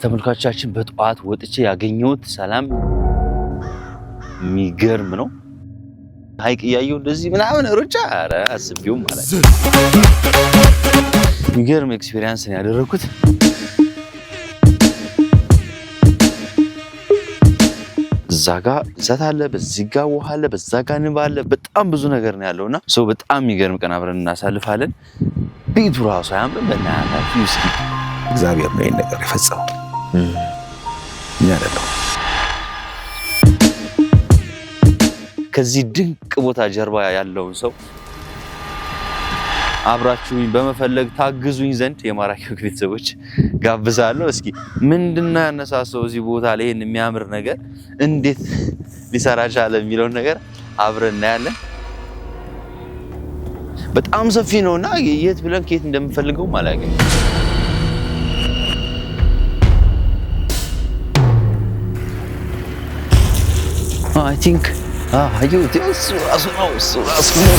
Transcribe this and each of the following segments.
ተመልካቾቻችን በጠዋት ወጥቼ ያገኘሁት ሰላም የሚገርም ነው። ሀይቅ እያየሁ እንደዚህ ምናምን ሩጫ ኧረ አስቤውም ማለት ነው። የሚገርም ኤክስፔሪያንስ ነው ያደረኩት። እዛ ጋ እዛት አለ፣ በዚህ ጋ ውሃ አለ፣ በዛ ጋ ንብ አለ። በጣም ብዙ ነገር ነው ያለው እና ሰው በጣም የሚገርም ቀን አብረን እናሳልፋለን። ቤቱ ራሱ አያምርም? በናያታችሁ እስኪ እግዚአብሔር ነው ይህን ነገር የፈጸመው እኛ አይደለም። ከዚህ ድንቅ ቦታ ጀርባ ያለውን ሰው አብራችሁኝ በመፈለግ ታግዙኝ ዘንድ የማራኪ ቤተሰቦች ጋብዛለሁ። እስኪ ምንድነው ያነሳሰው እዚህ ቦታ ላይ ይህን የሚያምር ነገር እንዴት ሊሰራ ቻለ የሚለውን ነገር አብረን እናያለን። በጣም ሰፊ ነውና የት ብለን ከየት ማለት አላገኝም። አይ ቲንክ አየሁት። እሱ ራሱ ነው እሱ ራሱ ነው።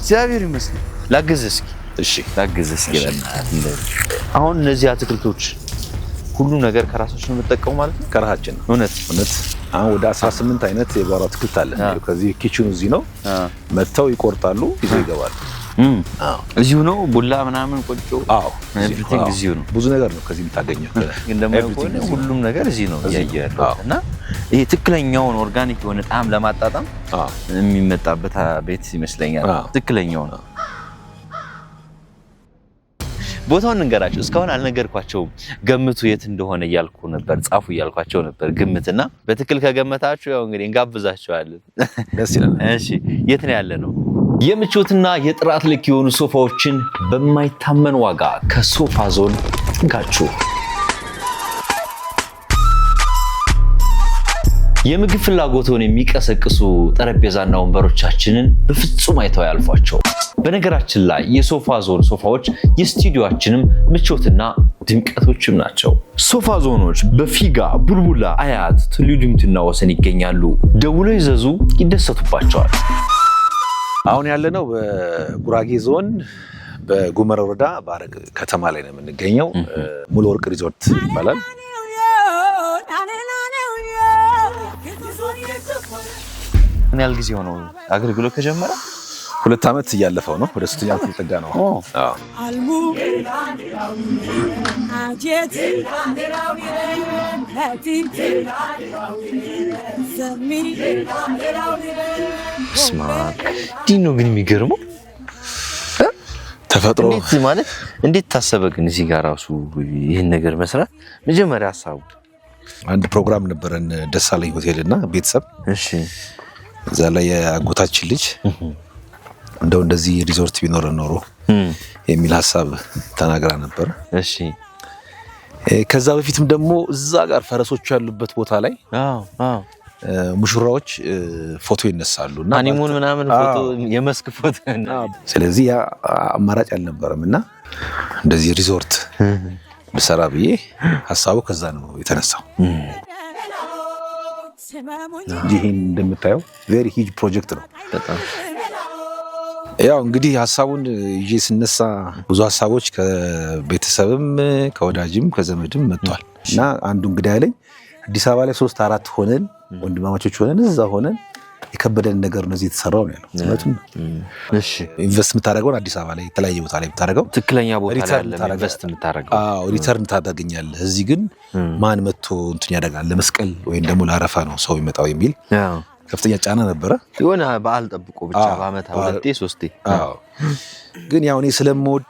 እግዚአብሔር ይመስገን። ላግዝህ እስኪ እሺ፣ ላግዝህ እስኪ አሁን እነዚህ አትክልቶች ሁሉ ነገር ከራሳችን የምጠቀሙ ማለት ነው። ከራሳችን እውነት እውነት አሁን ወደ 18 አይነት የጓሮ አትክልት አለ። ከዚህ ኪችኑ እዚህ ነው። መጥተው ይቆርጣሉ፣ ይዘው ይገባሉ። እዚሁ ነው ቡላ ምናምን ቆጮ። አዎ እዚሁ ነው። ብዙ ነገር ነው ከዚህ የምታገኘው። እንደማይሆነ ሁሉም ነገር እዚህ ነው እያየ ያለው እና ይሄ ትክክለኛውን ኦርጋኒክ የሆነ ጣዕም ለማጣጣም የሚመጣበት ቤት ይመስለኛል። ነው ቦታውን እንገራቸው። እስካሁን አልነገርኳቸውም። ገምቱ የት እንደሆነ እያልኩ ነበር፣ ጻፉ እያልኳቸው ነበር። ግምትና በትክክል ከገመታችሁ ያው እንግዲህ እንጋብዛቸዋለን። ደስ ይላል። እሺ፣ የት ነው ያለ ነው? የምቾትና የጥራት ልክ የሆኑ ሶፋዎችን በማይታመን ዋጋ ከሶፋ ዞን ጥጋችሁ የምግብ ፍላጎትን የሚቀሰቅሱ ጠረጴዛና ወንበሮቻችንን በፍጹም አይተው ያልፏቸው። በነገራችን ላይ የሶፋ ዞን ሶፋዎች የስቱዲዮችንም ምቾትና ድምቀቶችም ናቸው። ሶፋ ዞኖች በፊጋ፣ ቡልቡላ፣ አያት፣ ትልዩ ድምትና ወሰን ይገኛሉ። ደውሎ ይዘዙ፣ ይደሰቱባቸዋል። አሁን ያለነው በጉራጌ ዞን በጉመር ወረዳ በአረግ ከተማ ላይ ነው የምንገኘው። ሙሉ ወርቅ ሪዞርት ይባላል። ምን ያህል ጊዜ ሆነው አገልግሎት ከጀመረ? ሁለት ዓመት እያለፈው ነው። ወደ ሶስተኛ ዓመት ነው። ስማ ነው ግን የሚገርመው ተፈጥሮ ማለት እንዴት ታሰበ ግን እዚህ ጋር ራሱ ይህን ነገር መስራት መጀመሪያ ሀሳቡ አንድ ፕሮግራም ነበረን ደሳለኝ ሆቴል እና ቤተሰብ እዛ ላይ የአጎታችን ልጅ እንደው እንደዚህ ሪዞርት ቢኖረ ኖሮ hmm. የሚል ሀሳብ ተናግራ ነበር። እሺ ከዛ በፊትም ደግሞ እዛ ጋር ፈረሶቹ ያሉበት ቦታ ላይ ሙሽራዎች ፎቶ ይነሳሉ እና አኒሙን ምናምን ፎቶ የመስክ ፎቶ። ስለዚህ ያ አማራጭ አልነበረም እና እንደዚህ ሪዞርት ብሰራ ብዬ ሀሳቡ ከዛ ነው የተነሳው hmm. ይህን እንደምታየው ቬሪ ሂጅ ፕሮጀክት ነው በጣም ያው እንግዲህ ሀሳቡን ይዤ ስነሳ ብዙ ሀሳቦች ከቤተሰብም ከወዳጅም ከዘመድም መጥቷል እና አንዱ እንግዲህ ያለኝ አዲስ አበባ ላይ ሶስት አራት ሆነን ወንድማማቾች ሆነን እዛ ሆነን የከበደን ነገር ነው እዚህ የተሰራው ነው ያለው። ኢንቨስት የምታደርገውን አዲስ አበባ ላይ የተለያየ ቦታ ላይ የምታደርገው ትክክለኛ ቦታ ሪተርን ታገኛለህ። እዚህ ግን ማን መጥቶ እንትን ያደርጋል ለመስቀል ወይም ደግሞ ለአረፋ ነው ሰው የሚመጣው የሚል ከፍተኛ ጫና ነበረ። የሆነ በዓል ጠብቆ ብቻ በዓመት ሁለቴ ሶስቴ። ግን ያው እኔ ስለምወድ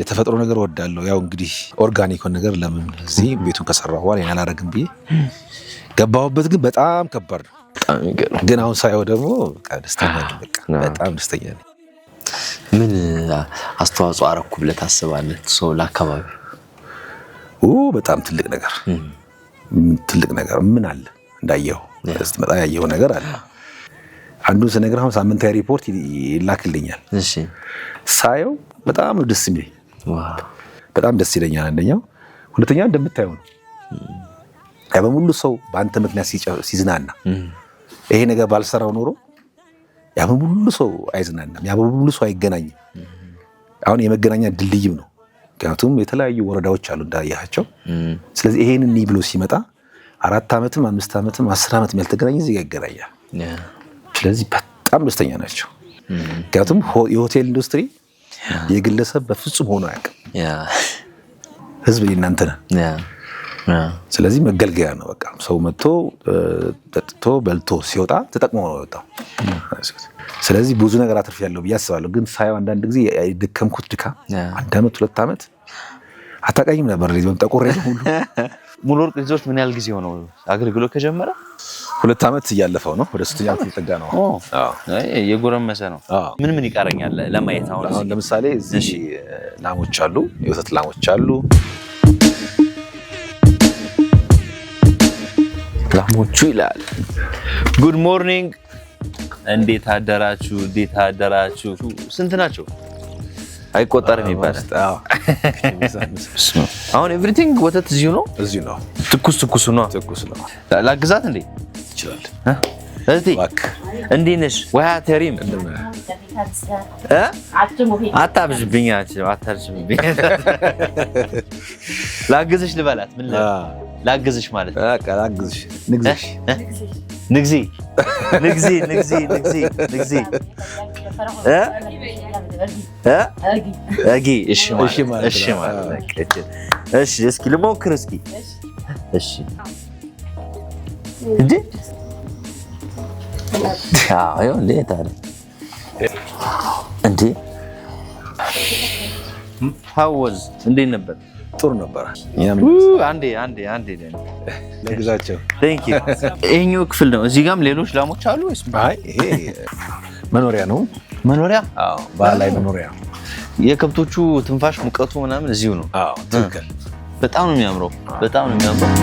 የተፈጥሮ ነገር ወዳለሁ። ያው እንግዲህ ኦርጋኒኮን ነገር ለምን እዚህ ቤቱን ከሰራሁ በኋላ ያላረግም ብዬ ገባሁበት። ግን በጣም ከባድ ነው። ግን አሁን ሳየው ደግሞ ደስተኛ በጣም ደስተኛ ነኝ። ምን አስተዋጽኦ አረኩ ብለህ ታስባለህ? ሰው ለአካባቢ በጣም ትልቅ ነገር ትልቅ ነገር ምን አለ እንዳየው ስትመጣ ያየው ነገር አለ። አንዱን ስነግር ሳምንታዊ ሪፖርት ይላክልኛል። ሳየው በጣም ነው ደስ የሚለኝ፣ በጣም ደስ ይለኛል። አንደኛው ሁለተኛ እንደምታየው ነው በሙሉ ሰው በአንተ ምክንያት ሲዝናና፣ ይሄ ነገር ባልሰራው ኖሮ ያ በሙሉ ሰው አይዝናናም፣ ያ በሙሉ ሰው አይገናኝም። አሁን የመገናኛ ድልድይም ነው፣ ምክንያቱም የተለያዩ ወረዳዎች አሉ እንዳያቸው። ስለዚህ ይሄንን ብሎ ሲመጣ አራት ዓመትም አምስት ዓመትም አስር ዓመትም ያልተገናኘ ዜጋ ይገናኛል። ስለዚህ በጣም ደስተኛ ናቸው። ምክንያቱም የሆቴል ኢንዱስትሪ የግለሰብ በፍጹም ሆኖ አያውቅም። ህዝብ የእናንተ ነን። ስለዚህ መገልገያ ነው። በቃ ሰው መጥቶ ጠጥቶ በልቶ ሲወጣ ተጠቅሞ ነው የወጣው። ስለዚህ ብዙ ነገር አትርፍ ያለው ብዬ አስባለሁ። ግን ሳየው አንዳንድ ጊዜ የደከምኩት ድካም አንድ ዓመት ሁለት ዓመት አታቃኝም ነበር ጠቁር ሁሉ ሙሉ ወርቅ ሪዞርት ምን ያህል ጊዜ ሆነው አገልግሎት ከጀመረ? ሁለት ዓመት እያለፈው ነው። ወደ ስቱዲዮ ዓመት እየጠጋ ነው። የጎረመሰ ነው። ምን ምን ይቀረኛል ለማየት? አሁን ለምሳሌ እዚህ ላሞች አሉ፣ የወተት ላሞች አሉ። ላሞቹ ይላል ጉድ ሞርኒንግ፣ እንዴት አደራችሁ? እንዴት አደራችሁ? ስንት ናቸው? አይቆጠርም ይባላል። አሁን ኤቭሪቲንግ ወተት እዚሁ ነው፣ እዚሁ ነው። ትኩስ ትኩስ ነው፣ ነው። ላግዛት እንዴ? ይችላል። እዚህ እንዴት ነሽ? ወይ አተሪም አታብዥብኝ፣ አታብዥብኝ። ላግዝሽ ልበላት። ምን ላግዝሽ ማለት ነው? ላግዝሽ نكزي نكزي نكزي نكزي نكزي ها ها اجي الشمال الشمال الشمال ايش اسكي ليمون كرسكي ايش جي ايوه ليه تعالى انت هاو واز ندير نبت ጥሩ ነበረ። ለግዛቸው ይሄኛው ክፍል ነው። እዚህ ጋም ሌሎች ላሞች አሉ። መኖሪያ ነው መኖሪያ ባህላዊ መኖሪያ። የከብቶቹ ትንፋሽ ሙቀቱ ምናምን እዚሁ ነው። ትክክል። በጣም ነው የሚያምረው። በጣም ነው የሚያምረው።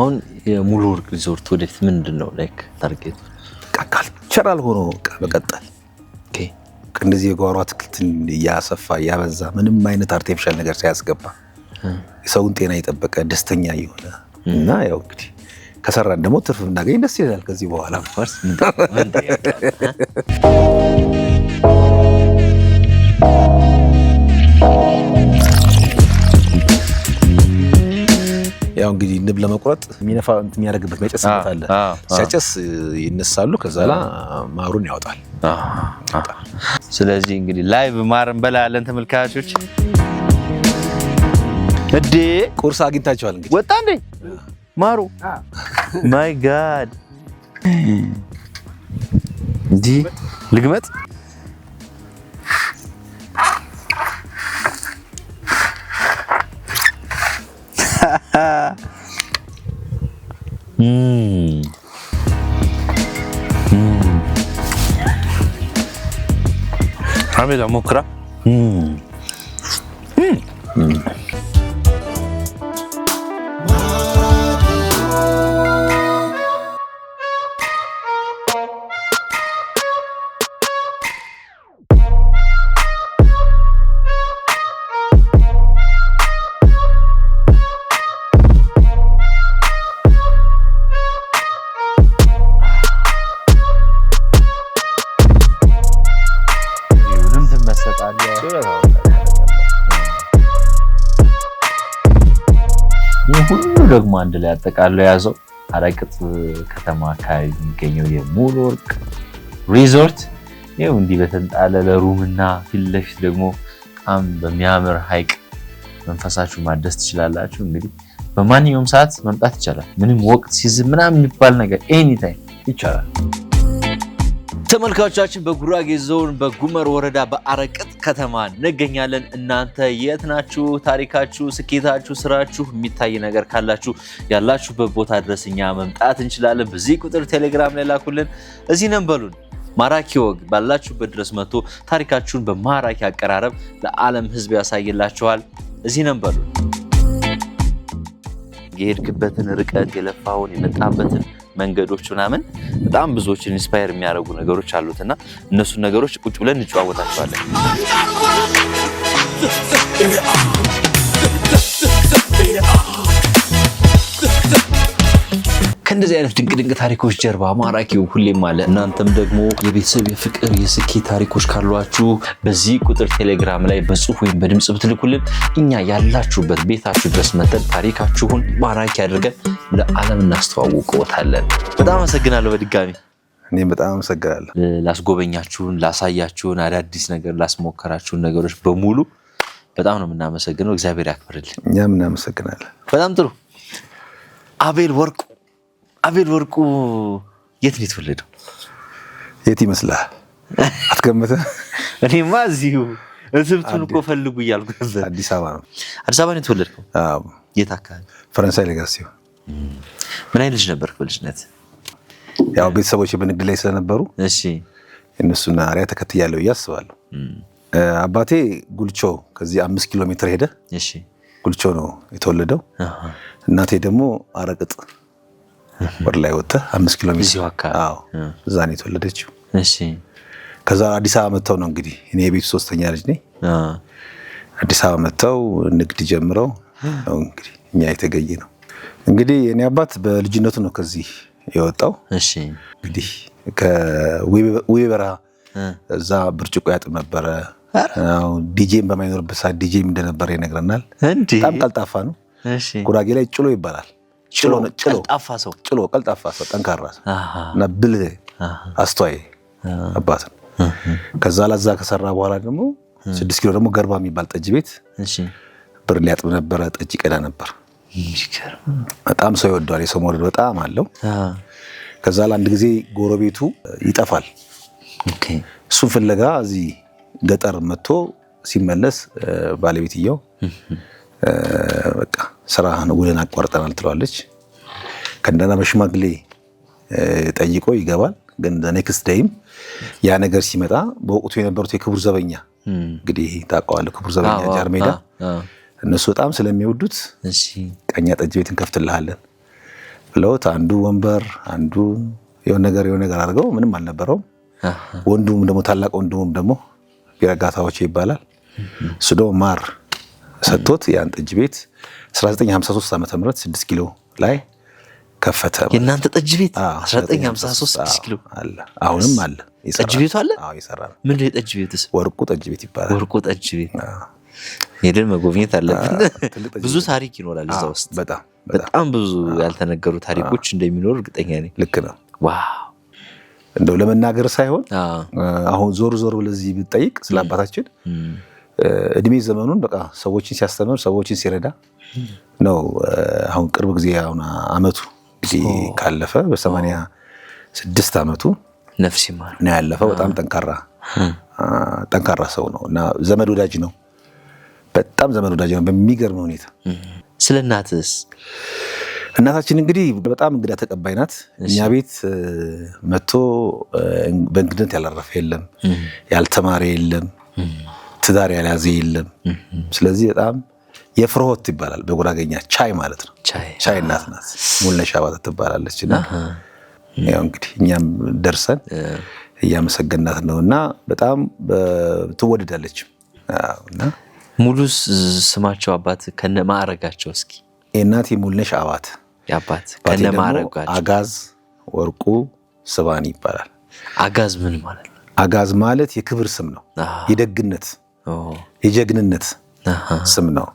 አሁን የሙሉ ወርቅ ሪዞርት ወደፊት ምንድን ነው ላይክ ታርጌቱ? ቸራል ሆኖ በቀጠል እንደዚህ የጓሮ አትክልትን እያሰፋ እያበዛ ምንም አይነት አርቲፊሻል ነገር ሳያስገባ የሰውን ጤና የጠበቀ ደስተኛ የሆነ እና ያው እንግዲህ ከሰራን ደግሞ ትርፍ ብናገኝ ደስ ይላል። ከዚህ በኋላ ፋርስ ያው እንግዲህ ንብ ለመቁረጥ የሚነፋ የሚያደርግበት መጨስነት አለ። ሲያጨስ ይነሳሉ፣ ከዛ ማሩን ያወጣል። ስለዚህ እንግዲህ ላይቭ ማር እንበላለን ተመልካቾች። እዴ ቁርስ አግኝታችኋል። እንግዲህ ወጣ እንዴ ማሩ ማይ ጋድ እንዲህ ልግመጥ 음. 음. 밥이 너무 크라? 음. 음. 음. ደግሞ አንድ ላይ አጠቃለው የያዘው አረቅጥ ከተማ አካባቢ የሚገኘው የሙሉ ወርቅ ሪዞርት ይኸው እንዲህ በተንጣለለ ሩምና ፊት ለፊት ደግሞ በጣም በሚያምር ሀይቅ መንፈሳችሁ ማደስ ትችላላችሁ። እንግዲህ በማንኛውም ሰዓት መምጣት ይቻላል። ምንም ወቅት ሲዝ ምናምን የሚባል ነገር ኤኒታይም ይቻላል። ተመልካቾቻችን በጉራጌ ዞን በጉመር ወረዳ በአረቅጥ ከተማ እንገኛለን። እናንተ የት ናችሁ? ታሪካችሁ፣ ስኬታችሁ፣ ስራችሁ የሚታይ ነገር ካላችሁ ያላችሁበት ቦታ ድረስ እኛ መምጣት እንችላለን። በዚህ ቁጥር ቴሌግራም ላይ ላኩልን፣ እዚህ ነን በሉን። ማራኪ ወግ ባላችሁበት ድረስ መጥቶ ታሪካችሁን በማራኪ አቀራረብ ለዓለም ሕዝብ ያሳይላችኋል። እዚህ ነን በሉን። የሄድክበትን ርቀት የለፋውን የመጣበትን መንገዶች ምናምን በጣም ብዙዎችን ኢንስፓየር የሚያደርጉ ነገሮች አሉት እና እነሱን ነገሮች ቁጭ ብለን እንጨዋወታቸዋለን። ከእንደዚህ አይነት ድንቅ ድንቅ ታሪኮች ጀርባ ማራኪው ሁሌም አለ። እናንተም ደግሞ የቤተሰብ የፍቅር፣ የስኬት ታሪኮች ካሏችሁ በዚህ ቁጥር ቴሌግራም ላይ በጽሁፍ ወይም በድምፅ ብትልኩልን እኛ ያላችሁበት ቤታችሁ ድረስ መጠን ታሪካችሁን ማራኪ አድርገን ለዓለም እናስተዋውቅዎታለን። በጣም አመሰግናለሁ በድጋሚ እኔም በጣም አመሰግናለሁ። ላስጎበኛችሁን፣ ላሳያችሁን፣ አዳዲስ ነገር ላስሞከራችሁን ነገሮች በሙሉ በጣም ነው የምናመሰግነው። እግዚአብሔር ያክብርልን። እኛም እናመሰግናለን። በጣም ጥሩ። አቤል ወርቁ አቤል ወርቁ የት ነው የተወለደው? የት ይመስላል? አትገምተ? እኔማ እዚሁ እስብቱን እኮ ፈልጉ እያልኩ ነበር። አዲስ አበባ ነው። አዲስ አበባ ነው የተወለድከው? የት አካባቢ? ፈረንሳይ ሲሆን። ምን አይነት ልጅ ነበርክ በልጅነት? ያው ቤተሰቦች በንግድ ላይ ስለነበሩ እሺ፣ እነሱን አሪያ ተከትያለሁ ብዬ አስባለሁ። አባቴ ጉልቾ ከዚህ አምስት ኪሎ ሜትር ሄደ፣ ጉልቾ ነው የተወለደው። እናቴ ደግሞ አረቅጥ ወደ ላይ ወጥተህ አምስት ኪሎ ሜትር እዛ ነው የተወለደችው። ከዛ አዲስ አበባ መጥተው ነው እንግዲህ እኔ የቤቱ ሶስተኛ ልጅ ነኝ። አዲስ አበባ መጥተው ንግድ ጀምረው ነው እንግዲህ እኛ የተገኘ ነው። እንግዲህ እኔ አባት በልጅነቱ ነው ከዚህ የወጣው። እንግዲህ በረሃ እዛ ብርጭቆ ያጥብ ነበረ። ዲጄም በማይኖርበት ሰዓት ዲጄም እንደነበረ ይነግረናል። በጣም ቀልጣፋ ነው። ጉራጌ ላይ ጭሎ ይባላል። ጭሎ ቀልጣፋ ሰው ችሎ ቀልጣፋ ሰው ጠንካራ ሰው እና ብልህ አስተዋይ አባት ነው። ከዛ ላዛ ከሰራ በኋላ ደግሞ ስድስት ኪሎ ደግሞ ገርባ የሚባል ጠጅ ቤት ብር ሊያጥብ ነበረ። ጠጅ ይቀዳ ነበር። በጣም ሰው ይወደዋል። የሰው መውደድ በጣም አለው። ከዛ አንድ ጊዜ ጎረቤቱ ይጠፋል። እሱን ፍለጋ እዚህ ገጠር መጥቶ ሲመለስ ባለቤትየው በቃ ስራህን ውልን አቋርጠናል ትለዋለች። ከእንደና በሽማግሌ ጠይቆ ይገባል። ግን ኔክስት ደይም ያ ነገር ሲመጣ በወቅቱ የነበሩት የክቡር ዘበኛ እንግዲህ ታውቀዋለህ፣ ክቡር ዘበኛ ጃርሜዳ፣ እነሱ በጣም ስለሚወዱት ቀኛ ጠጅ ቤት እንከፍትልሃለን ብለውት አንዱ ወንበር አንዱ የሆነ ነገር የሆነ ነገር አድርገው ምንም አልነበረውም። ወንዱም ደግሞ ታላቅ ወንድሙም ደግሞ ቢረጋታዎች ይባላል እሱ ደግሞ ማር ሰጥቶት ያን ጠጅ ቤት 1953 ዓ ም 6 ኪሎ ላይ ከፈተ። የእናንተ ጠጅ ቤት 1953 6 ኪሎ አለ። አሁንም አለ። ጠጅ ቤቱ አለ። ይሰራ ምን የጠጅ ቤትስ? ወርቁ ጠጅ ቤት ይባላል። ወርቁ ጠጅ ቤት ሄደን መጎብኘት አለብን። ብዙ ታሪክ ይኖራል እዛ ውስጥ። በጣም በጣም ብዙ ያልተነገሩ ታሪኮች እንደሚኖሩ እርግጠኛ ነኝ። ልክ ነው። ዋው እንደው ለመናገር ሳይሆን አሁን ዞር ዞር ብለዚህ እዚህ ብትጠይቅ ስለ አባታችን እድሜ ዘመኑን በቃ ሰዎችን ሲያስተምር ሰዎችን ሲረዳ ነው። አሁን ቅርብ ጊዜ አሁን አመቱ ጊዜ ካለፈ በሰማንያ ስድስት አመቱ ነፍስ ይማር ነው ያለፈው። በጣም ጠንካራ ጠንካራ ሰው ነው እና ዘመድ ወዳጅ ነው። በጣም ዘመድ ወዳጅ ነው በሚገርም ሁኔታ። ስለ እናትስ? እናታችን እንግዲህ በጣም እንግዳ ተቀባይ ናት። እኛ ቤት መጥቶ በእንግድነት ያላረፈ የለም፣ ያልተማረ የለም ትዳር ያልያዘ የለም። ስለዚህ በጣም የፍርሆት ይባላል በጉራገኛ ቻይ ማለት ነው። ቻይ እናት ናት ሙልነሽ አባተ ትባላለች። ያው እንግዲህ እኛም ደርሰን እያመሰገናት ነው እና በጣም ትወደዳለች። እና ሙሉ ስማቸው አባት ከነ ማዕረጋቸው እስኪ እናቴ ሙልነሽ አባት አባት ከነ ማዕረጋቸው አጋዝ ወርቁ ስባን ይባላል። አጋዝ ምን ማለት ነው? አጋዝ ማለት የክብር ስም ነው፣ የደግነት የጀግንነት ስም ነው።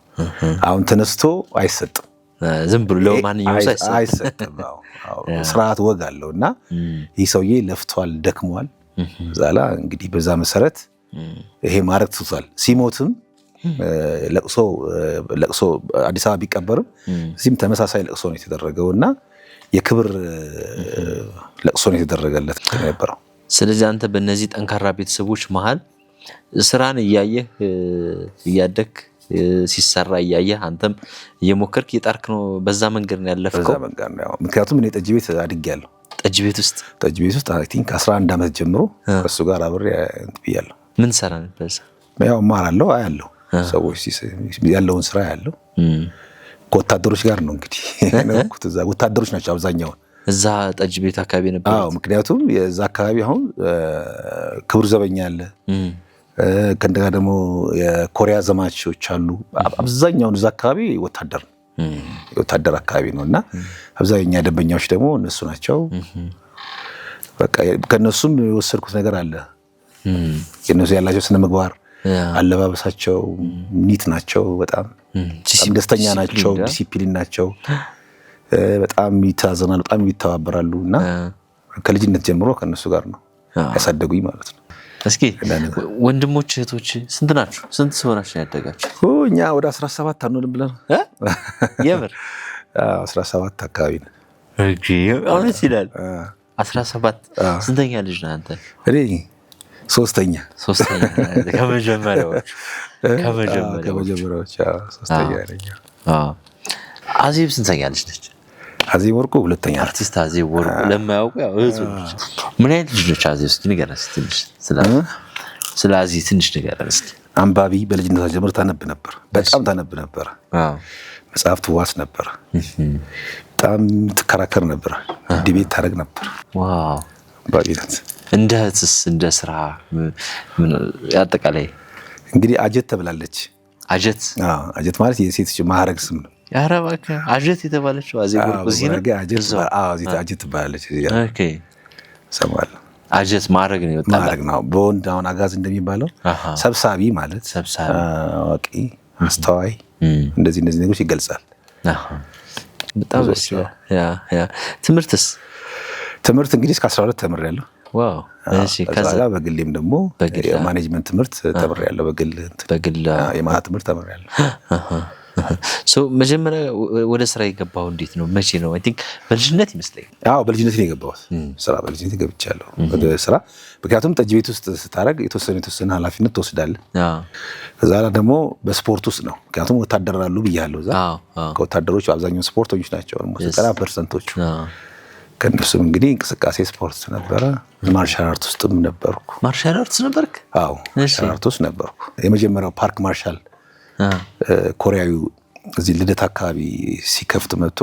አሁን ተነስቶ አይሰጥም፣ ዝም ብሎ ለማንኛውም አይሰጥም። ስርዓት ወግ አለው እና ይህ ሰውዬ ለፍቷል፣ ደክሟል። ዛላ እንግዲህ በዛ መሰረት ይሄ ማድረግ ትቷል። ሲሞትም ለቅሶ ለቅሶ አዲስ አበባ ቢቀበርም እዚህም ተመሳሳይ ለቅሶ ነው የተደረገው እና የክብር ለቅሶ ነው የተደረገለት ነበረው። ስለዚህ አንተ በእነዚህ ጠንካራ ቤተሰቦች መሀል ስራን እያየህ እያደግ ሲሰራ እያየህ አንተም እየሞከርክ እየጣርክ ነው። በዛ መንገድ ነው ያለፍከው። ምክንያቱም እኔ ጠጅ ቤት አድጌያለሁ። ጠጅ ቤት ውስጥ ጠጅ ቤት ውስጥ ቲንክ ከ11 ዓመት ጀምሮ ከእሱ ጋር አብሬ ብያለሁ። ምን ሰራ ነበር? ያው እማራለሁ፣ አያለሁ፣ ሰዎች ያለውን ስራ ያለው ከወታደሮች ጋር ነው እንግዲህ ወታደሮች ናቸው አብዛኛውን እዛ ጠጅ ቤት አካባቢ ነበር። ምክንያቱም የዛ አካባቢ አሁን ክቡር ዘበኛ አለ ከእንደጋ ደግሞ የኮሪያ ዘማቾች አሉ። አብዛኛውን እዛ አካባቢ ወታደር ወታደር አካባቢ ነው እና አብዛኛ ደንበኛዎች ደግሞ እነሱ ናቸው። ከእነሱም የወሰድኩት ነገር አለ። እነሱ ያላቸው ስነ ምግባር፣ አለባበሳቸው ኒት ናቸው። በጣም ደስተኛ ናቸው። ዲሲፕሊን ናቸው። በጣም ይተዛዘናሉ፣ በጣም ይተባበራሉ እና ከልጅነት ጀምሮ ከእነሱ ጋር ነው ያሳደጉኝ ማለት ነው። እስኪ ወንድሞች እህቶች ስንት ናችሁ? ስንት ሲሆናችሁ ያደጋችሁ? እኛ ወደ 17 አንሆንም ብለን የምር 17 አካባቢ ነው። እውነት ይላል። 17 ስንተኛ ልጅ ነህ አንተ? ሶስተኛ ሶስተኛ ከመጀመሪያዎች ከመጀመሪያዎች ሶስተኛ አዜብ ስንተኛ ልጅ ነች? አዜብ ወርቁ ሁለተኛ አርቲስት አዜብ ወርቁ ለማያውቁ ያው ምን አይነት ልጆች አዜብ እስኪ ንገረን ትንሽ ስለ አዜብ ትንሽ ንገረን እስኪ አንባቢ በልጅነቷ ጀምር ታነብ ነበር በጣም ታነብ ነበር መጽሐፍ ትዋስ ነበር በጣም ትከራከር ነበር ዲቤት ታደርግ ነበር ባቢነት እንደ ህትስ እንደ ስራ አጠቃላይ እንግዲህ አጀት ተብላለች አጀት አጀት ማለት የሴት ማዕረግ ስም ነው ኧረ እባክህ አጀት የተባለችው አዜብ ትባላለች። አጀት ማድረግ ነው ይወጣል ነው በወንድ አሁን አጋዝ እንደሚባለው ሰብሳቢ ማለት አዋቂ፣ አስተዋይ እንደዚህ እንደዚህ ነገሮች ይገልጻል። በጣም ትምህርትስ ትምህርት እንግዲህ እስከ ሁለት ተምር ያለው ከዛ በግሌም ደግሞ ማኔጅመንት ትምህርት ተምር ያለው በግል የማታ ትምህርት ተምር ያለው መጀመሪያ ወደ ስራ የገባው እንዴት ነው? መቼ ነው? አይ ቲንክ በልጅነት ይመስለኛል። አዎ በልጅነት ነው የገባሁት ስራ። በልጅነት ገብቻለሁ ወደ ስራ። ምክንያቱም ጠጅ ቤት ውስጥ ስታደርግ የተወሰነ የተወሰነ ኃላፊነት ትወስዳለህ። ከዛ ደግሞ በስፖርት ውስጥ ነው። ምክንያቱም ወታደራሉ ብያለሁ። እዛ ከወታደሮች አብዛኛው ስፖርተኞች ናቸው። ዘጠና ፐርሰንቶቹ ከእነሱም እንግዲህ እንቅስቃሴ ስፖርት ነበረ። ማርሻል አርት ውስጥም ነበርኩ። ማርሻል አርት ነበርክ? አዎ ማርሻል አርት ውስጥ ነበርኩ። የመጀመሪያው ፓርክ ማርሻል ኮሪያዊ እዚህ ልደት አካባቢ ሲከፍት መጥቶ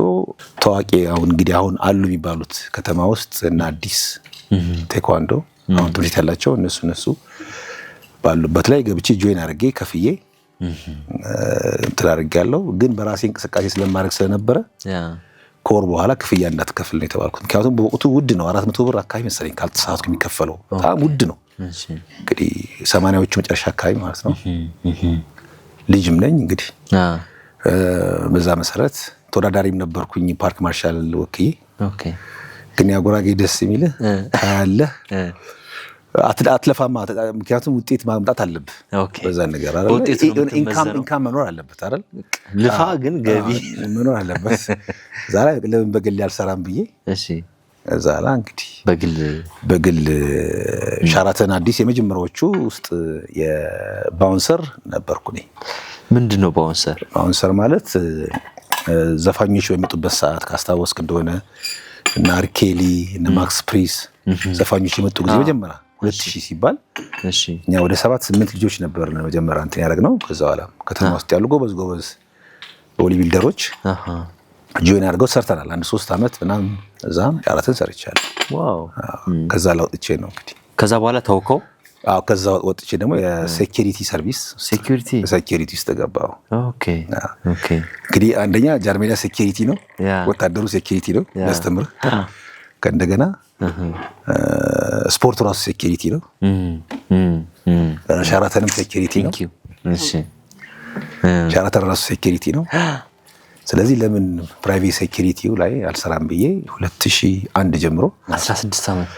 ታዋቂ አሁን እንግዲህ አሁን አሉ የሚባሉት ከተማ ውስጥ እና አዲስ ቴኳንዶ አሁን ትምህርት ያላቸው እነሱ እነሱ ባሉበት ላይ ገብቼ ጆይን አድርጌ ከፍዬ እንትን አድርጌ ያለው ግን በራሴ እንቅስቃሴ ስለማድረግ ስለነበረ ከወር በኋላ ክፍያ እንዳትከፍል ነው የተባልኩት። ምክንያቱም በወቅቱ ውድ ነው፣ አራት መቶ ብር አካባቢ መሰለኝ ካልተሳሳትኩ የሚከፈለው በጣም ውድ ነው። እንግዲህ ሰማንያዎቹ መጨረሻ አካባቢ ማለት ነው። ልጅም ነኝ እንግዲህ በዛ መሰረት ተወዳዳሪም ነበርኩኝ ፓርክ ማርሻል ወክዬ። ግን ያጎራጌ ደስ የሚልህ ታያለህ፣ አትለፋማ። ምክንያቱም ውጤት ማምጣት አለብህ። በዛ ነገር ኢንካም መኖር አለበት አይደል? ልፋ ግን ገቢ መኖር አለበት። ዛሬ ለምን በግሌ አልሰራም ብዬ ከዛ እንግዲህ በግል በግል ሻራተን አዲስ የመጀመሪያዎቹ ውስጥ የባውንሰር ነበርኩ እኔ። ምንድን ነው ባውንሰር? ባውንሰር ማለት ዘፋኞች በሚመጡበት ሰዓት ካስታወስክ እንደሆነ እና አርኬሊ እና ማክስ ፕሪስ ዘፋኞች የመጡ ጊዜ መጀመሪያ ሁለት ሺህ ሲባል እኛ ወደ ሰባት ስምንት ልጆች ነበር መጀመሪያ እንትን ያደረግነው። ከዛ በኋላ ከተማ ውስጥ ያሉ ጎበዝ ጎበዝ ቦዲ ቢልደሮች ጆይን አድርገው ሰርተናል። አንድ ሶስት ዓመት ምናምን እዛም አራትን ሰርቻለሁ። ከዛ ለውጥቼ ነው እንግዲህ ከዛ በኋላ ተውከው አዎ ከዛ ወጥቼ ደግሞ የሴኪሪቲ ሰርቪስ ሴኪሪቲ ውስጥ ገባሁ። እንግዲህ አንደኛ ጃርሜዳ ሴኪሪቲ ነው፣ ወታደሩ ሴኪሪቲ ነው ያስተምር። ከእንደገና ስፖርቱ ራሱ ሴኪሪቲ ነው፣ ሸራተንም ሴኪሪቲ ነው፣ ሸራተን ራሱ ሴኪሪቲ ነው። ስለዚህ ለምን ፕራይቬት ሴኪሪቲው ላይ አልሰራም ብዬ 201 ጀምሮ 16 ስድስት ዓመት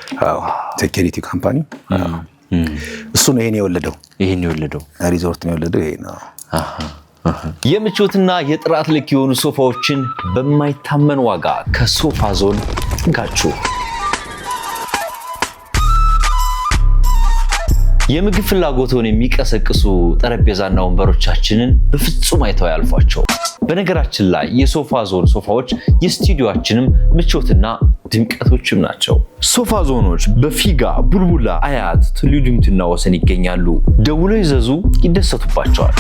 ሴኪሪቲ ካምፓኒ እሱ ነው ይሄን የወለደው ይሄን የወለደው ሪዞርት ነው የወለደው ይሄ ነው። የምቾትና የጥራት ልክ የሆኑ ሶፋዎችን በማይታመን ዋጋ ከሶፋ ዞን ጋችሁ የምግብ ፍላጎትን የሚቀሰቅሱ ጠረጴዛና ወንበሮቻችንን በፍጹም አይተው ያልፏቸው። በነገራችን ላይ የሶፋ ዞን ሶፋዎች የስቱዲዮችንም ምቾትና ድምቀቶችም ናቸው። ሶፋ ዞኖች በፊጋ፣ ቡልቡላ፣ አያት፣ ትልዩ ድምትና ወሰን ይገኛሉ። ደውሎ ይዘዙ፣ ይደሰቱባቸዋል።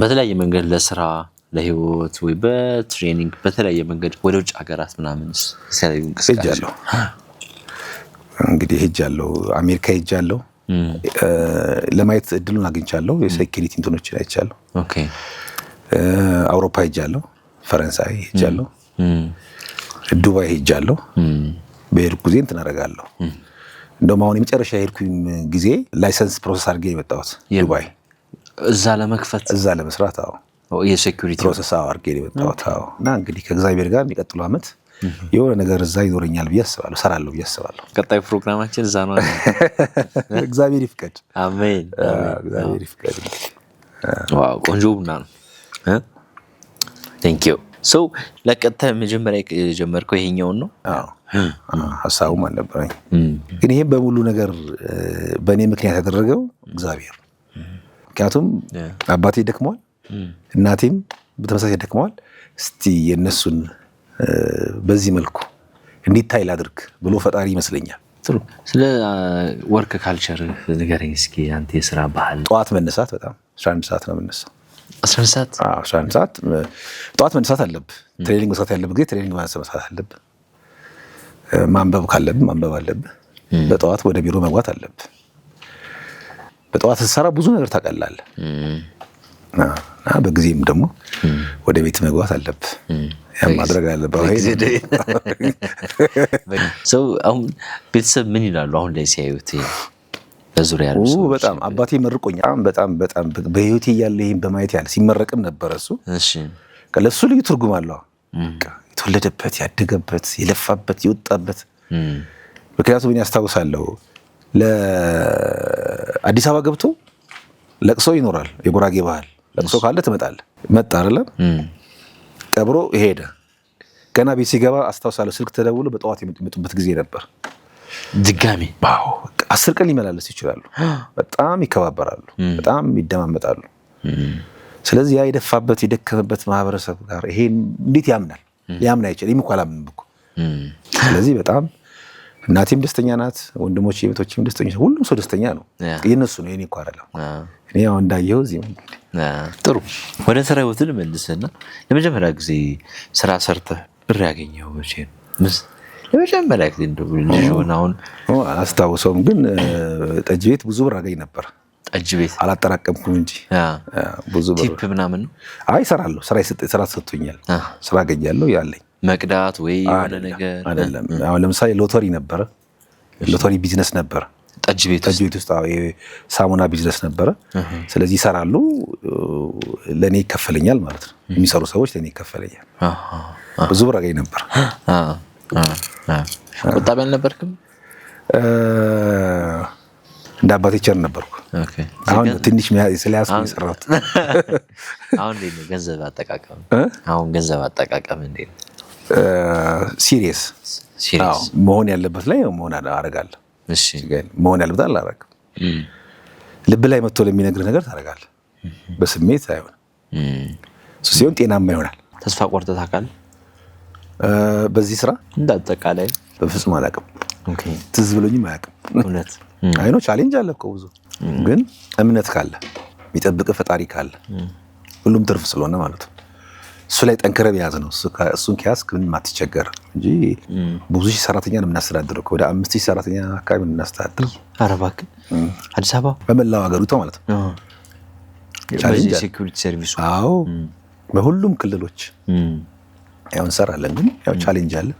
በተለያየ መንገድ ለስራ ለህይወት ወይ በትሬኒንግ በተለያየ መንገድ ወደ ውጭ ሀገራት ምናምን ሲያዩ እንቅስቃሴ እንግዲህ አለው አሜሪካ አለው ለማየት እድሉን አግኝቻለሁ። የሴኪሪቲ እንትኖችን አይቻለሁ። አውሮፓ ሄጃለሁ፣ ፈረንሳይ ሄጃለሁ፣ ዱባይ ሄጃለሁ። በሄድኩ ጊዜ እንትን አደርጋለሁ። እንደውም አሁን የመጨረሻ የሄድኩኝ ጊዜ ላይሰንስ ፕሮሰስ አድርጌ የመጣሁት ዱባይ እዛ ለመክፈት እዛ ለመስራት አዎ የሴኩሪቲ ፕሮሰስ አድርጌ የመጣሁት አዎ። እና እንግዲህ ከእግዚአብሔር ጋር የሚቀጥለው አመት የሆነ ነገር እዛ ይኖረኛል ብዬ አስባለሁ፣ ሰራለሁ ብዬ አስባለሁ። ቀጣይ ፕሮግራማችን እዛ ነው። እግዚአብሔር ይፍቀድ። አሜን። እግዚአብሔር ይፍቀድ። ዋው ቆንጆ ቡና ነው። ቴንኪዩ ሰው ለቀጥታ መጀመሪያ የጀመርከው ይሄኛውን ነው። ሀሳቡም አልነበረኝ፣ ግን ይህም በሙሉ ነገር በእኔ ምክንያት ያደረገው እግዚአብሔር። ምክንያቱም አባቴ ደክመዋል፣ እናቴም በተመሳሳይ ደክመዋል። እስቲ የእነሱን በዚህ መልኩ እንዲታይ ላድርግ ብሎ ፈጣሪ ይመስለኛል። ጥሩ። ስለ ወርክ ካልቸር ንገረኝ እስኪ። አንተ የስራ ባህል ጠዋት መነሳት በጣም 11 ሰዓት ነው የምነሳው ሰዓት ጠዋት መነሳት አለብህ። ትሬኒንግ መስራት ያለብ ጊዜ ትሬኒንግ መስራት አለብ። ማንበብ ካለብ ማንበብ አለብ። በጠዋት ወደ ቢሮ መግባት አለብ። በጠዋት ስትሰራ ብዙ ነገር ታቀላለህ። በጊዜም ደግሞ ወደ ቤት መግባት አለብ። ያ ማድረግ አለብህ። አሁን ቤተሰብ ምን ይላሉ? አሁን ላይ ሲያዩት በዙሪያ ያሉ በጣም አባቴ መርቆኛል። በጣም በጣም በህይወቴ እያለ ይህን በማየት ያለ ሲመረቅም ነበረ እሱ ለእሱ ልዩ ትርጉም አለዋ የተወለደበት ያደገበት የለፋበት የወጣበት ምክንያቱም እኔ አስታውሳለሁ ለአዲስ አበባ ገብቶ ለቅሶ ይኖራል። የጉራጌ ባህል ለቅሶ ካለ ትመጣለህ። መጣ አይደለም ቀብሮ ሄደ። ገና ቤት ሲገባ አስታውሳለሁ ስልክ ተደውሎ በጠዋት የመጡበት ጊዜ ነበር። ድጋሚ አስር ቀን ሊመላለስ ይችላሉ። በጣም ይከባበራሉ፣ በጣም ይደማመጣሉ። ስለዚህ ያ የደፋበት የደከመበት ማህበረሰብ ጋር ይሄ እንዴት ያምናል? ሊያምን አይችል ይህም እኮ አላምንም እኮ። ስለዚህ በጣም እናቴም ደስተኛ ናት፣ ወንድሞች ቤቶችም ደስተኛ፣ ሁሉም ሰው ደስተኛ ነው። የነሱ ነው የኔ እኮ አይደለም። እኔ ያው እንዳየው እዚህ ጥሩ። ወደ ስራ ህይወትን መልስና ለመጀመሪያ ጊዜ ስራ ሰርተህ ብር ያገኘው መቼ ነው? የመጀመሪያ ጊዜ ልጅ ሆነ አሁን አስታውሰውም፣ ግን ጠጅ ቤት ብዙ ብር አገኝ ነበር። ጠጅ ቤት አላጠራቀምኩም እንጂ ብዙ ብር ቲፕ ምናምን ነው። አይ እሰራለሁ፣ ስራ ሰጥቶኛል፣ ስራ አገኛለሁ። ያለኝ መቅዳት ወይ የሆነ ነገር አይደለም። አሁን ለምሳሌ ሎተሪ ነበረ፣ ሎተሪ ቢዝነስ ነበረ ጠጅ ቤት ውስጥ ሳሙና ቢዝነስ ነበረ። ስለዚህ ይሰራሉ፣ ለእኔ ይከፈለኛል ማለት ነው። የሚሰሩ ሰዎች ለእኔ ይከፈለኛል። ብዙ ብር አገኝ ነበር። ቆጣቢ አልነበርክም? እንደ አባቴ ቸር ነበርኩ። አሁን ትንሽ ስለያዝ የሰራት። አሁን እንዴት ነው ገንዘብ አጠቃቀም? አሁን ገንዘብ አጠቃቀም እንዴት ነው? ሲሪየስ መሆን ያለበት ላይ መሆን አደርጋለሁ። መሆን ያለበት አላደርግም። ልብ ላይ መጥቶ ለሚነግር ነገር ታደርጋለህ። በስሜት አይሆንም። እሱ ሲሆን ጤናማ ይሆናል። ተስፋ ቆርጠህ ታውቃለህ? በዚህ ስራ እንደ አጠቃላይ በፍጹም አላውቅም። ትዝ ብሎኝም አያውቅም። እውነት አይኖ ቻሌንጅ አለ እኮ ብዙ። ግን እምነት ካለ የሚጠብቅ ፈጣሪ ካለ ሁሉም ትርፍ ስለሆነ ማለት ነው። እሱ ላይ ጠንክረህ የያዝ ነው። እሱን ከያዝክ ምንም አትቸገር እንጂ ብዙ ሺህ ሰራተኛ ነው የምናስተዳድረው። ወደ አምስት ሺህ ሰራተኛ አካባቢ ነው የምናስተዳድር። ኧረ እባክህ አዲስ አበባ በመላው ሀገሪቷ ማለት ነው። ሴኩሪቲ ሰርቪሱ አዎ፣ በሁሉም ክልሎች ያው እንሰራለን፣ ግን ያው ቻሌንጅ አለ።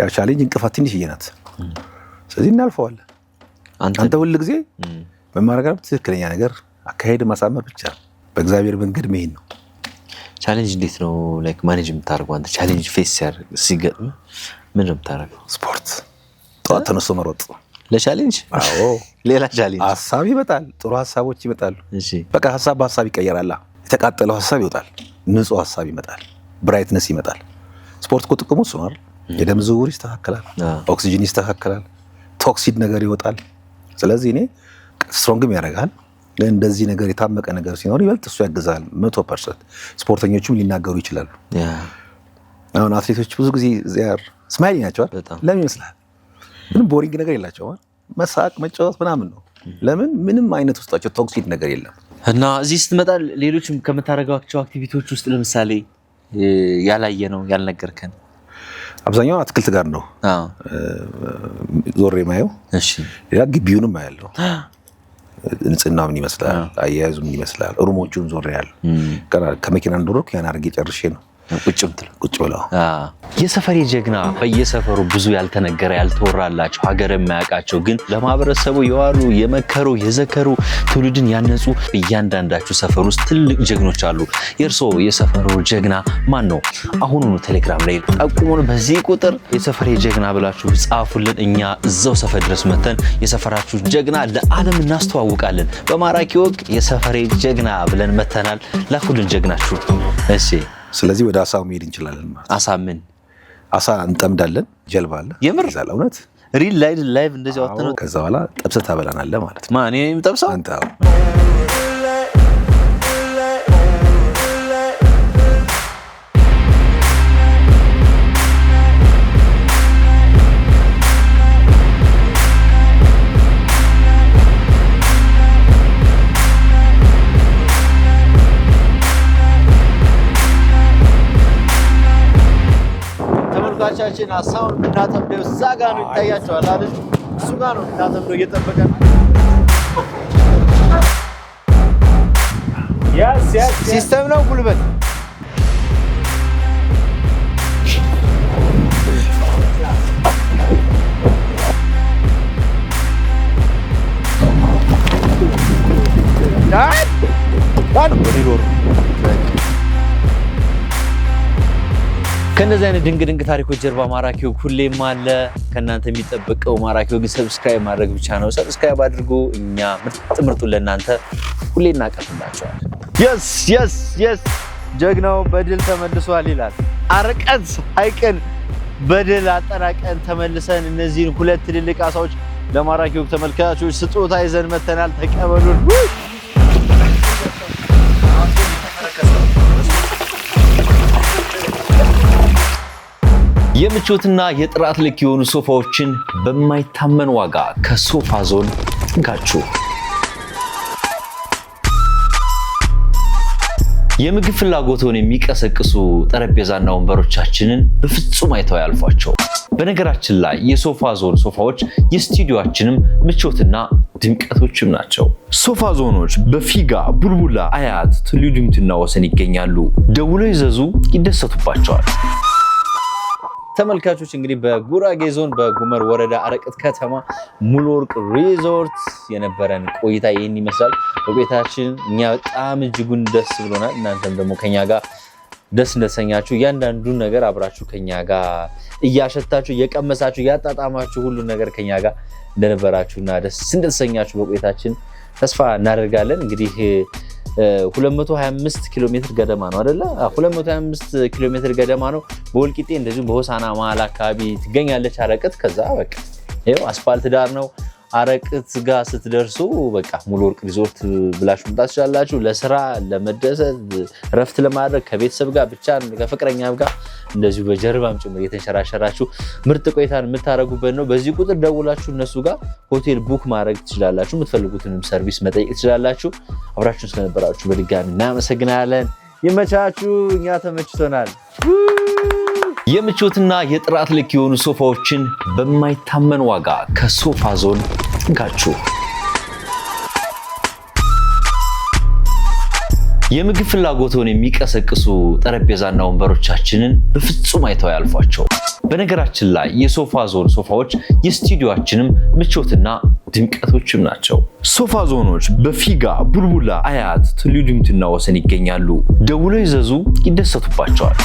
ያው ቻሌንጅ እንቅፋት ትንሽዬ ናት። ስለዚህ እናልፈዋለን። አንተ ሁል ጊዜ መማር ትክክለኛ ነገር አካሄድ ማሳመር ብቻ በእግዚአብሔር መንገድ መሄድ ነው። ቻሌንጅ እንዴት ነው ላይክ ማኔጅ የምታደርገው አንተ? ቻሌንጅ ፌስ ሲገጥም ምን ነው የምታደርገው? ስፖርት፣ ጠዋት ተነስቶ መሮጥ ለቻሌንጅ ሌላ ቻሌንጅ ሀሳብ ይመጣል። ጥሩ ሀሳቦች ይመጣሉ። በቃ ሀሳብ በሀሳብ ይቀየራላ። የተቃጠለው ሀሳብ ይወጣል። ንጹህ ሀሳብ ይመጣል። ብራይትነስ ይመጣል። ስፖርት እኮ ጥቅሙ እሱ ነው። የደም ዝውውር ይስተካከላል፣ ኦክሲጅን ይስተካከላል፣ ቶክሲድ ነገር ይወጣል። ስለዚህ እኔ ስትሮንግም ያደርጋል። እንደዚህ ነገር የታመቀ ነገር ሲኖር ይበልጥ እሱ ያግዛል። መቶ ፐርሰንት ስፖርተኞቹም ሊናገሩ ይችላሉ። አሁን አትሌቶች ብዙ ጊዜ ዚያር ስማይሊ ናቸዋል። ለምን ይመስላል? ምንም ቦሪንግ ነገር የላቸውም። መሳቅ፣ መጫወት ምናምን ነው። ለምን ምንም አይነት ውስጣቸው ቶክሲድ ነገር የለም። እና እዚህ ስትመጣ ሌሎችም ከምታደርጋቸው አክቲቪቲዎች ውስጥ ለምሳሌ ያላየ ነው ያልነገርከን? አብዛኛው አትክልት ጋር ነው ዞሬ ማየው። ሌላ ግቢውንም አያለው። ንጽህና ምን ይመስላል፣ አያያዙ ምን ይመስላል፣ ሩሞቹን ዞሬ ያለ ከመኪና እንደወረድኩ ያን አድርጌ ጨርሼ ነው ቁጭ ብለው የሰፈሬ ጀግና በየሰፈሩ ብዙ ያልተነገረ ያልተወራላቸው ሀገር የማያውቃቸው ግን ለማህበረሰቡ የዋሉ የመከሩ የዘከሩ ትውልድን ያነጹ እያንዳንዳችሁ ሰፈር ውስጥ ትልቅ ጀግኖች አሉ። የእርስዎ የሰፈሩ ጀግና ማን ነው? አሁኑኑ ቴሌግራም ላይ ጠቁሙን። በዚህ ቁጥር የሰፈሬ ጀግና ብላችሁ ጻፉልን። እኛ እዛው ሰፈር ድረስ መተን የሰፈራችሁ ጀግና ለዓለም እናስተዋውቃለን። በማራኪ ወቅ የሰፈሬ ጀግና ብለን መተናል። ላኩልን ጀግናችሁ እሺ ስለዚህ ወደ አሳው መሄድ እንችላለን ማለት። አሳ ምን አሳ እንጠምዳለን። ጀልባ አለ። የምር እውነት ሪል ላይ ላይቭ እንደዚህ ወጥተን ከዛ በኋላ ጠብሰ ታበላናለ ማለት ነው። ማን እኔ የምጠብሰው? አንተ። ወንድሞቻችን አሳውን የምናጠምደው እዛ ጋ ነው፣ ይታያቸዋል አለ እሱ ጋ ነው የምናጠምደው እየጠበቀ ነው። ሲስተም ነው ጉልበት ከእነዚህ አይነት ድንቅ ድንቅ ታሪኮች ጀርባ ማራኪ ወግ ሁሌም አለ። ከእናንተ የሚጠበቀው ማራኪ ወግን ሰብስክራይብ ማድረግ ብቻ ነው። ሰብስክራይብ አድርጉ። እኛ ምርጥ ምርጡን ለእናንተ ሁሌ እናቀርብላቸዋል። የስ የስ የስ ጀግናው በድል ተመልሷል ይላል። አርቀን ሐይቅን በድል አጠናቀን ተመልሰን እነዚህን ሁለት ትልልቅ አሳዎች ለማራኪ ወግ ተመልካቾች ስጦታ ይዘን መተናል። ተቀበሉን። የምቾትና የጥራት ልክ የሆኑ ሶፋዎችን በማይታመን ዋጋ ከሶፋ ዞን ጋችሁ የምግብ ፍላጎትን የሚቀሰቅሱ ጠረጴዛና ወንበሮቻችንን በፍጹም አይተው ያልፏቸው። በነገራችን ላይ የሶፋ ዞን ሶፋዎች የስቱዲዮችንም ምቾትና ድምቀቶችም ናቸው። ሶፋ ዞኖች በፊጋ፣ ቡልቡላ፣ አያት፣ ትልዩ ድምትና ወሰን ይገኛሉ። ደውለው ይዘዙ፣ ይደሰቱባቸዋል። ተመልካቾች እንግዲህ በጉራጌ ዞን በጉመር ወረዳ አረቅት ከተማ ሙሉ ወርቅ ሪዞርት የነበረን ቆይታ ይህን ይመስላል። በቆይታችን እኛ በጣም እጅጉን ደስ ብሎናል። እናንተም ደግሞ ከኛ ጋር ደስ እንደተሰኛችሁ እያንዳንዱን ነገር አብራችሁ ከኛ ጋር እያሸታችሁ እየቀመሳችሁ እያጣጣማችሁ ሁሉን ነገር ከኛ ጋር እንደነበራችሁና ደስ እንደተሰኛችሁ በቆይታችን ተስፋ እናደርጋለን እንግዲህ 225 ኪሎ ሜትር ገደማ ነው አይደለ? 225 ኪሎ ሜትር ገደማ ነው። በወልቂጤ እንደዚሁም በሆሳና መሀል አካባቢ ትገኛለች አረቀት ከዛ በቃ ይኸው አስፋልት ዳር ነው። አረቅት ጋር ስትደርሱ በቃ ሙሉ ወርቅ ሪዞርት ብላችሁ መምጣት ትችላላችሁ። ለስራ ለመደሰት፣ እረፍት ለማድረግ ከቤተሰብ ጋር ብቻ ከፍቅረኛ ጋር እንደዚሁ በጀርባም ጭምር የተንሸራሸራችሁ ምርጥ ቆይታን የምታደረጉበት ነው። በዚህ ቁጥር ደውላችሁ እነሱ ጋር ሆቴል ቡክ ማድረግ ትችላላችሁ። የምትፈልጉትንም ሰርቪስ መጠየቅ ትችላላችሁ። አብራችሁን ስለነበራችሁ በድጋሚ እናመሰግናለን። ይመቻችሁ። እኛ ተመችቶናል። የምቾትና የጥራት ልክ የሆኑ ሶፋዎችን በማይታመን ዋጋ ከሶፋ ዞን ጋችሁ የምግብ ፍላጎትን የሚቀሰቅሱ ጠረጴዛና ወንበሮቻችንን በፍጹም አይተው ያልፏቸው። በነገራችን ላይ የሶፋ ዞን ሶፋዎች የስቱዲዮችንም ምቾትና ድምቀቶችም ናቸው። ሶፋ ዞኖች በፊጋ፣ ቡልቡላ፣ አያት፣ ትልዩ ድምትና ወሰን ይገኛሉ። ደውለው ይዘዙ፣ ይደሰቱባቸዋል።